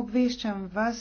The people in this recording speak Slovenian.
obveščam vas,